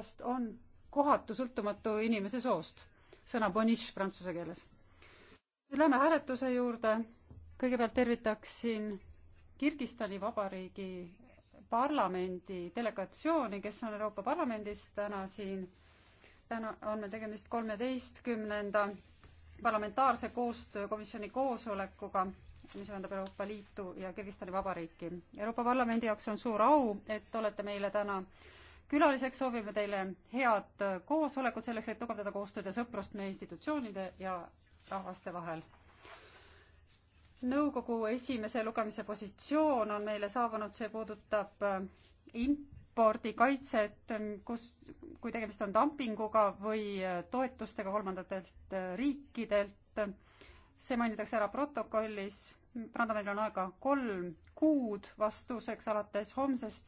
vast on kohatu sõltumatu inimese soost. sõna boniche prantsuse keeles. nüüd lähme hääletuse juurde. kõigepealt tervitaksin Kirgistani Vabariigi parlamendi delegatsiooni, kes on Euroopa Parlamendis täna siin. täna on meil tegemist kolmeteistkümnenda parlamentaarse koostöökomisjoni koosolekuga, mis ühendab Euroopa Liitu ja Kirgistani Vabariiki. Euroopa Parlamendi jaoks on suur au, et olete meile täna äh, külaliseks, soovime teile head äh, koosolekut selleks, et tugevdada koostööd ja sõprust meie institutsioonide ja rahvaste vahel. nõukogu esimese lugemise positsioon on meile saabunud, see puudutab äh, impordikaitset, äh, kus, kui tegemist on dumpinguga või toetustega kolmandatelt riikidelt. see mainitakse ära protokollis. Brandamäel on aega kolm kuud vastuseks alates homsest